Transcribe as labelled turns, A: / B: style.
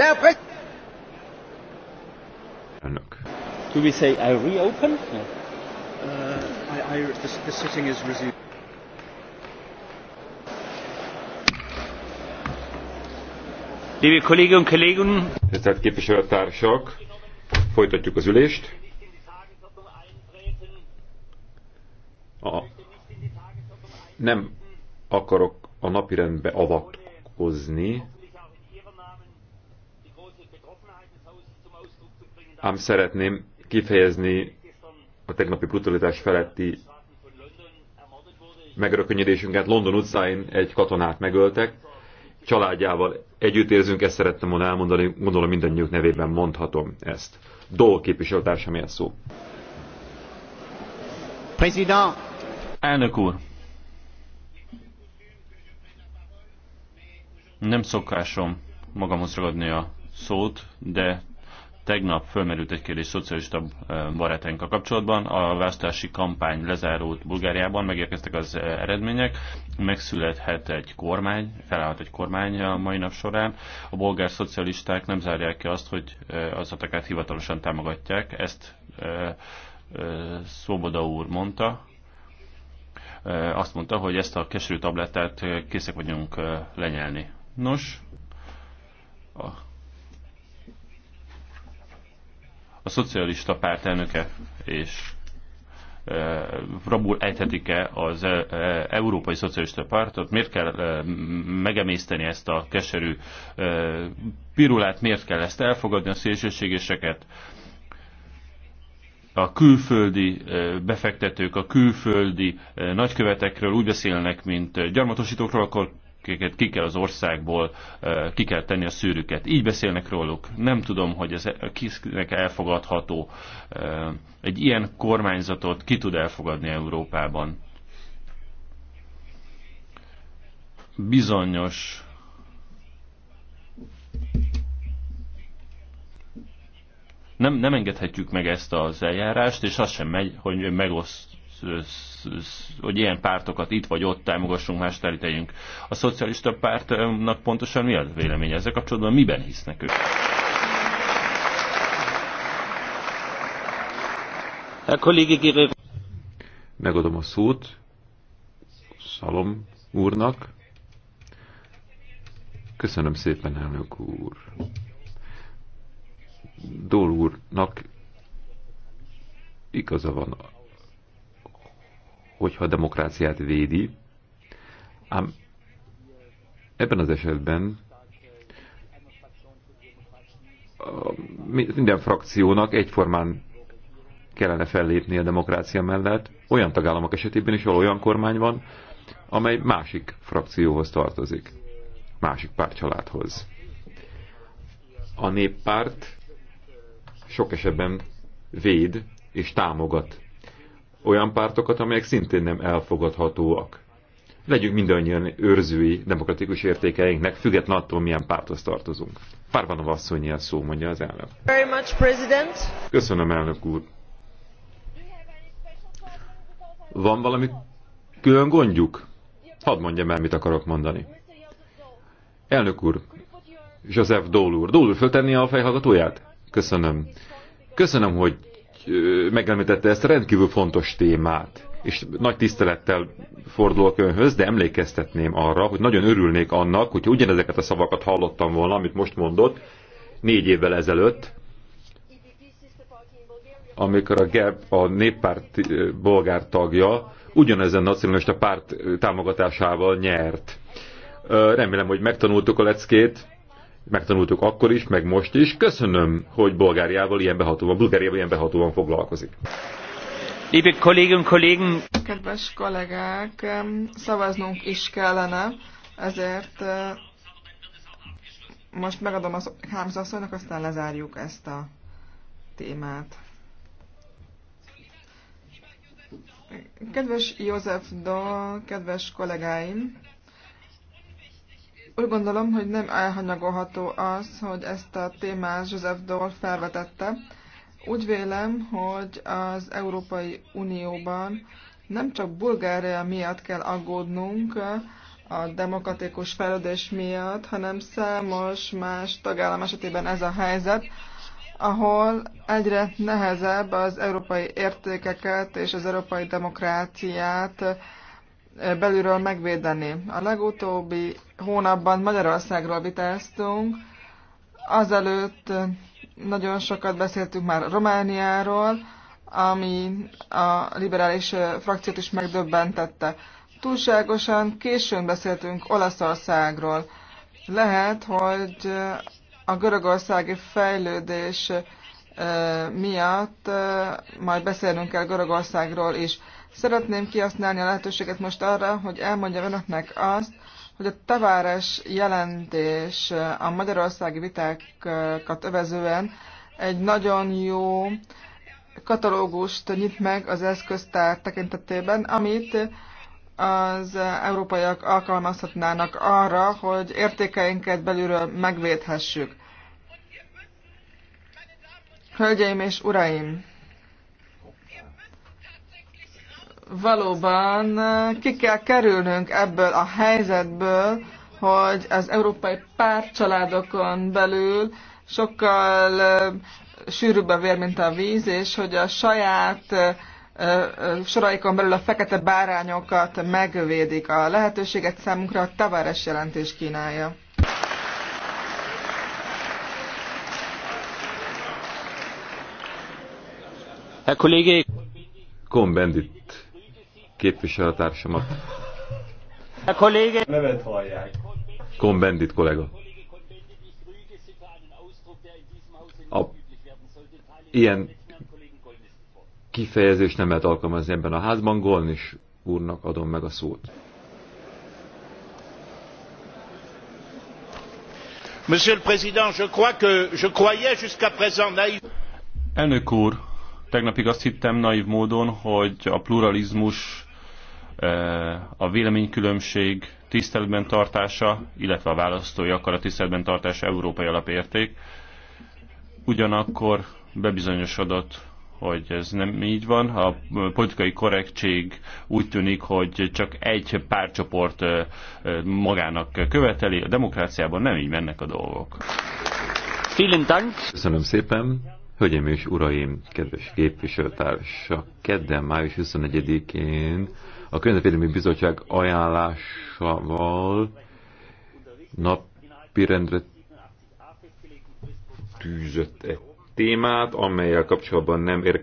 A: D'après... Önök. Do we say I reopen? Uh, I, I, the, the sitting is resumed.
B: Liebe Kolleginnen und Kollegen, tisztelt képviselőtársak, folytatjuk az ülést. A, nem akarok a napirendbe avatkozni, ám szeretném kifejezni a tegnapi brutalitás feletti megrökönyödésünket. London utcáin egy katonát megöltek, családjával együtt érzünk, ezt szerettem volna elmondani, gondolom mindannyiuk nevében mondhatom ezt. Dol képviselőtársam ilyen szó. President. Elnök úr. Nem
A: szokásom magamhoz ragadni a szót, de Tegnap fölmerült egy kérdés szocialista eh, barátainkkal kapcsolatban. A választási kampány lezárult Bulgáriában, megérkeztek az eh, eredmények, megszülethet egy kormány, felállhat egy kormány a mai nap során. A bolgár szocialisták nem zárják ki azt, hogy eh, az atakát hivatalosan támogatják. Ezt Szoboda úr mondta, azt mondta, hogy ezt a keserű tablettát készek vagyunk lenyelni. Nos, a a szocialista párt elnöke és e, rabul ejthetik-e az e, e, Európai Szocialista Pártot, miért kell megemészteni ezt a keserű pirulát, miért kell ezt elfogadni a szélsőségeseket, a külföldi befektetők, a külföldi nagykövetekről úgy beszélnek, mint gyarmatosítókról, akkor akiket ki kell az országból, ki kell tenni a szűrüket. Így beszélnek róluk. Nem tudom, hogy ez e- kinek elfogadható. Egy ilyen kormányzatot ki tud elfogadni Európában? Bizonyos nem, nem engedhetjük meg ezt az eljárást, és az sem megy, hogy megoszt hogy ilyen pártokat itt vagy ott támogassunk, más terítejünk. A szocialista pártnak pontosan mi a véleménye ezzel kapcsolatban? Miben hisznek ők?
B: Megadom a szót Szalom úrnak. Köszönöm szépen, elnök úr. Dól úrnak igaza van hogyha a demokráciát védi, ám ebben az esetben minden frakciónak egyformán kellene fellépni a demokrácia mellett, olyan tagállamok esetében is, ahol olyan kormány van, amely másik frakcióhoz tartozik, másik pártcsaládhoz. A néppárt sok esetben véd és támogat olyan pártokat, amelyek szintén nem elfogadhatóak. Legyünk mindannyian őrzői demokratikus értékeinknek, független attól, milyen párthoz tartozunk. a vasszony ilyen szó, mondja az elnök. Köszönöm, elnök úr. Van valami külön gondjuk? Hadd mondjam el, mit akarok mondani. Elnök úr, Joseph Dole úr. Dole úr, föltenni a fejhallgatóját? Köszönöm. Köszönöm, hogy megemlítette ezt a rendkívül fontos témát. És nagy tisztelettel fordulok önhöz, de emlékeztetném arra, hogy nagyon örülnék annak, hogy ugyanezeket a szavakat hallottam volna, amit most mondott, négy évvel ezelőtt, amikor a, GERB, a néppárt bolgár tagja ugyanezen nacionalista párt támogatásával nyert. Remélem, hogy megtanultuk a leckét, megtanultuk akkor is, meg most is. Köszönöm, hogy Bulgáriával ilyen behatóan, Bulgáriával ilyen behatóan foglalkozik. Liebe Kolleginnen Kollegen!
C: Kedves kollégák, szavaznunk is kellene, ezért most megadom a Hámz aztán lezárjuk ezt a témát. Kedves József Dol, kedves kollégáim! Úgy gondolom, hogy nem elhanyagolható az, hogy ezt a témát Joseph Dole felvetette. Úgy vélem, hogy az Európai Unióban nem csak Bulgária miatt kell aggódnunk a demokratikus fejlődés miatt, hanem számos más tagállam esetében ez a helyzet, ahol egyre nehezebb az európai értékeket és az európai demokráciát belülről megvédeni. A legutóbbi hónapban Magyarországról vitáztunk, azelőtt nagyon sokat beszéltünk már Romániáról, ami a liberális frakciót is megdöbbentette. Túlságosan későn beszéltünk Olaszországról. Lehet, hogy a görögországi fejlődés eh, miatt eh, majd beszélnünk kell Görögországról is. Szeretném kihasználni a lehetőséget most arra, hogy elmondjam önöknek azt, hogy a Taváres jelentés a magyarországi vitákat övezően egy nagyon jó katalógust nyit meg az eszköztár tekintetében, amit az európaiak alkalmazhatnának arra, hogy értékeinket belülről megvédhessük. Hölgyeim és uraim! valóban eh, ki kell kerülnünk ebből a helyzetből, hogy az európai pártcsaládokon belül sokkal eh, sűrűbb a vér, mint a víz, és hogy a saját eh, soraikon belül a fekete bárányokat megvédik. A lehetőséget számunkra a Tavares jelentés kínálja.
B: Herr Kollege komm, bendit képviselőtársamat.
A: A kollége... Nevet hallják.
B: Konbendit kollega. A ilyen kifejezést nem lehet alkalmazni ebben a házban. Golnis úrnak adom meg a szót.
A: Monsieur le Président, je crois que je croyais jusqu'à présent naïf.
B: Elnök úr,
A: tegnapig azt hittem naív módon, hogy a pluralizmus a véleménykülönbség tiszteletben tartása, illetve a választói akarat tiszteletben tartása európai alapérték. Ugyanakkor bebizonyosodott, hogy ez nem így van. A politikai korrektség úgy tűnik, hogy csak egy párcsoport magának követeli. A demokráciában nem így mennek
B: a dolgok. Köszönöm szépen. Hölgyeim és uraim, kedves képviselőtársak, kedden május 21-én a Környezetvédelmi Bizottság ajánlásával napirendre tűzött egy témát, amelyel kapcsolatban
C: nem érkezett